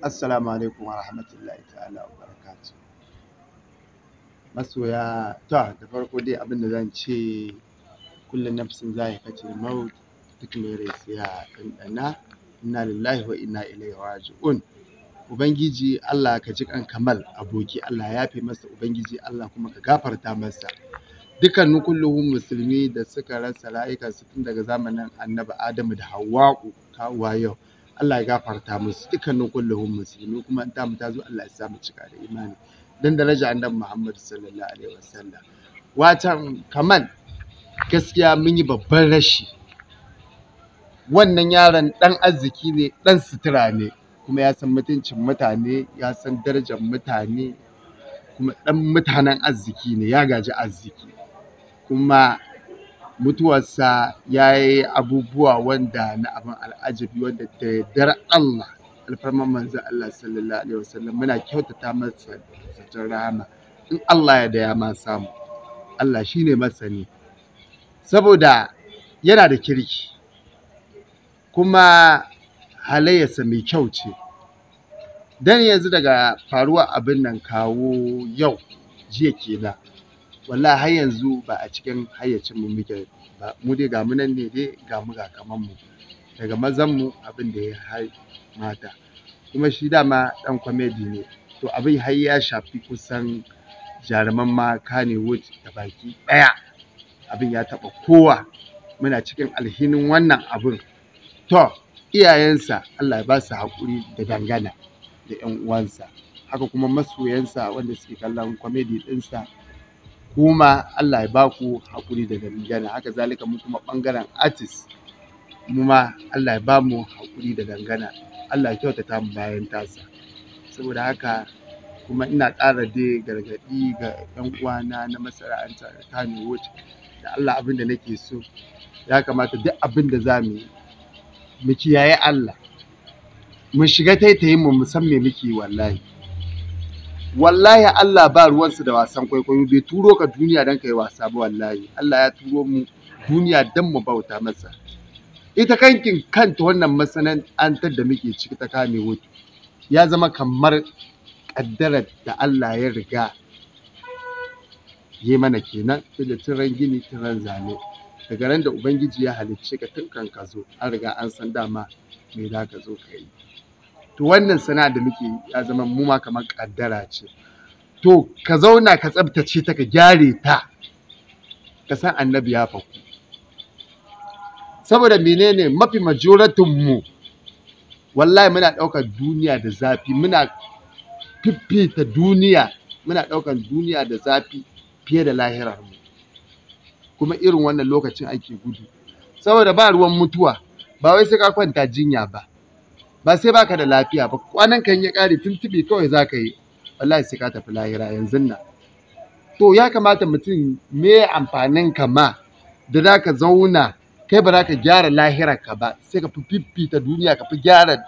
Assalamu alaikum wa rahmatullahi ta'ala wa barakatu. Masoya ta da farko dai abin da zan ce kullum nafsin zai kace maut duk mai rai siya ɗanɗana Ina lillahi wa ina, ilai wa ji'un. Ubangiji Allah ka ji kan kamal aboki Allah ya fi masa Ubangiji Allah kuma ka gafarta masa. Dukkanin kulluhun musulmi da suka rasa rayukansu tun daga zamanin annabi Adamu da Hawwa'u kawo yau Allah ya gafarta musu dukkanin kullum musulmi kuma in tamu ta zo Allah ya samu cika da imani dan daraja annabi Muhammad sallallahu alaihi wasallam watan kaman gaskiya mun yi babban rashi wannan yaron dan arziki ne dan sutura ne kuma ya san mutuncin mutane ya san darajar mutane kuma dan mutanen arziki ne ya gaji arziki kuma mutuwarsa ya yi abubuwa wanda na abin al'ajabi wanda da yardar Allah alfarman manzon Allah sallallahu alaihi wasallam muna kyautata masa zaton rahama in Allah ya da ya ma samu Allah shine masani saboda yana da kirki kuma halayyarsa mai kyau ce dan yanzu daga faruwa abin nan kawo yau jiya kenan wallahi har yanzu ba a cikin hayyacin mu muke ba mu dai ga munan ne dai ga mu ga kaman mu daga mazan mu abin da ya hai mata kuma shi dama dan comedy ne to abin har ya shafi kusan jaruman ma Kannywood da baki daya abin ya taba kowa muna cikin alhinin wannan abin to iyayensa Allah ya ba su haƙuri da dangana da 'yan uwansa haka kuma masoyansa wanda suke kallon kwamedi ɗinsa kuma Allah ya baku hakuri da dangana haka zalika mu kuma ɓangaren artist mu ma Allah ya bamu hakuri da dangana Allah ya kyautata mu bayan tasa saboda haka kuma ina ƙara da gargaɗi ga 'yan uwana na masana'anta da wuce da Allah abin da nake so ya kamata duk abin da za mu yi mu kiyaye Allah mu shiga taitayin mu mu san me muke wallahi wallahi Allah ba ruwansa da wasan kwaikwayo bai turo ka duniya don ka yi wasa ba wallahi Allah ya turo mu duniya don mu bauta masa ita kankin kanta wannan masana'antar da muke ciki ta kame wuta ya zama kamar ƙaddarar da Allah ya riga yi mana kenan da tiran gini tiran zane daga ran da ubangiji ya halicce ka tun kan ka zo an riga an san dama mai za ka zo ka yi to wannan sana'a da muke ya zama mu ma kamar kaddara ce to ka zauna ka tsabtace ta ka gyare ta ka san annabi ya faku saboda menene mafi majoratin mu wallahi muna ɗaukar duniya da zafi muna fiffita duniya muna ɗaukar duniya da zafi fiye da lahirar mu kuma irin wannan lokacin ake gudu saboda ba ruwan mutuwa ba wai sai ka kwanta jinya ba ba sai baka da lafiya ba kwanan kan ya kare tuntubi kawai ka yi wallahi sai ka tafi lahira yanzu nan to ya kamata mutum me amfanin ka ma da za ka zauna kai ba za ka gyara lahirar ka ba sai ka fi fifita duniya ka fi gyara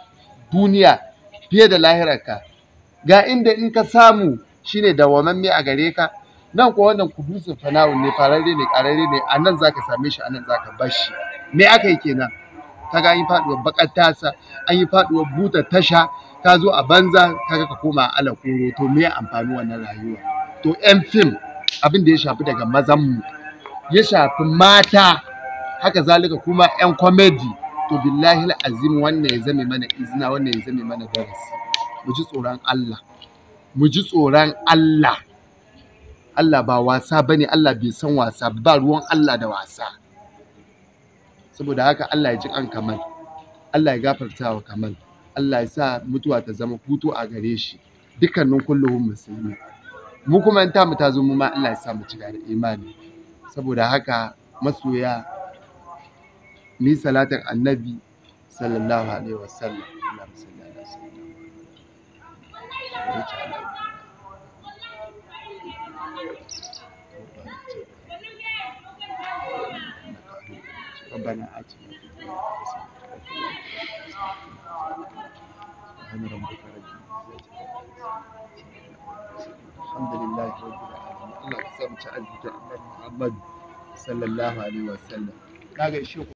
duniya fiye da lahirar ka ga inda in ka samu shine me a gare ka nan ko wannan kudusin fana'un ne fararre ne kararre ne a nan ka same shi a nan ka bar shi me aka yi kenan kaga an yi faduwar bakar tasa an yi faduwar butar tasha ka zo a banza kaga ka koma ala koro to me amfani wannan rayuwa to yan fim abin da ya shafi daga mazan mu ya shafi mata haka zalika kuma yan comedy to billahi azim wannan ya zame mana izina wannan ya zame mana darasi mu ji tsoron Allah mu ji tsoron Allah Allah ba wasa bane Allah bai san wasa ba ruwan Allah da wasa saboda haka Allah ya ji an kamal Allah ya gafarta wa kamal Allah ya sa mutuwa ta zama hutu a gare shi dukkanin kulluhun musulmi mu kuma ta mu ta zo mu ma Allah ya sa mu cika da imani saboda haka masoya ni salatin annabi sallallahu alaihi wasallam Allah sallallahu alaihi wasallam ربنا آتنا في الدنيا حسنة سبحان ربك رب الحمد لله رب العالمين الله قسم تعز محمد صلى الله عليه وسلم